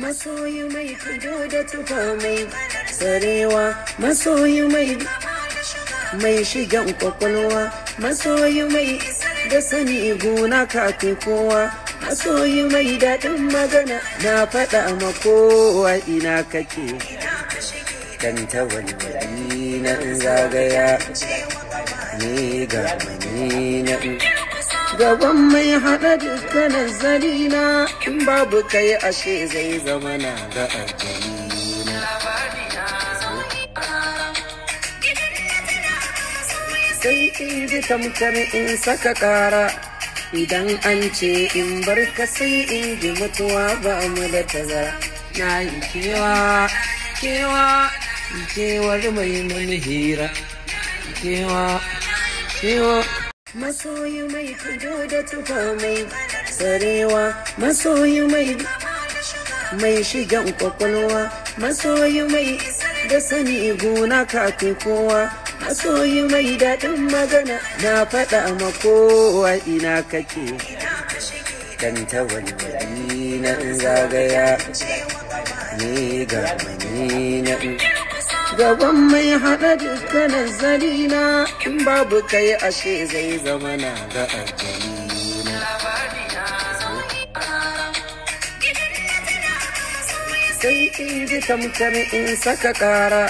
masoyi mai tudu da tufa mai sarewa masoyi mai mai shigan kwakwalwa masoyi mai da sani gona kafin kowa masoyi mai daɗin magana na faɗa ma kowa ina kake dan ta wani na zagaya ne ga mani na gaban mai hada dukkanin zalina in babu kai ashe zai zama na ga ajalina sai in ji tamkar in saka ƙara idan an ce in bar ka sai in ji mutuwa ba mu da tazara na yi kewa kewa kewar mai mun kewa kewa masoyi mai fido da tufa mai tsarewa masoyi mai mai shigan kwakwalwa masoyi mai da sani gona kafin kowa masoyi mai daɗin magana na faɗa ma kowa ina kake dan ta wani na zagaya ni ga mani na gaban mai hada dukkanin zalina in babu kai ashe zai zama na ga ajiye sai in ji tamkar in saka ƙara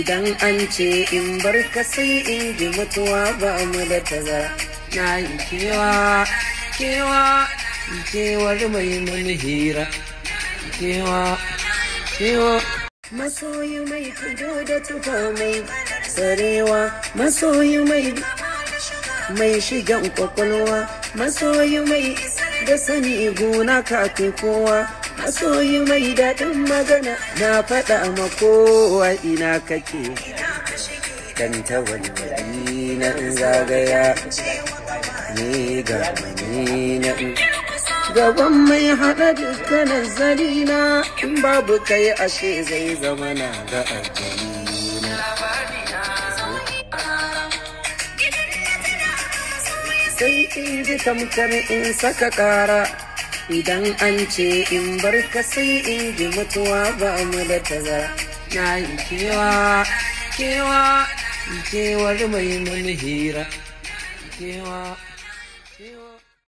idan an ce in bar ka sai in ji mutuwa ba mu da tazara na yi kewa kewa kewar mai mun hira kewa kewa masoyi mai tudu da tufa mai sarewa masoyi mai mai shigan kwakwalwa masoyi mai da sani gona kafi kowa masoyi mai daɗin magana na faɗa ma kowa ina kake dan ta wani na zagaya ni ga mani na gaban mai hada dukkanin zalina in babu kai ashe zai zama na da ajalina sai in ji tamkar in saka ƙara idan an ce in bar ka sai in ji mutuwa ba mu da tazara na yi kewa kewa kewar mai mun hira kewa kewa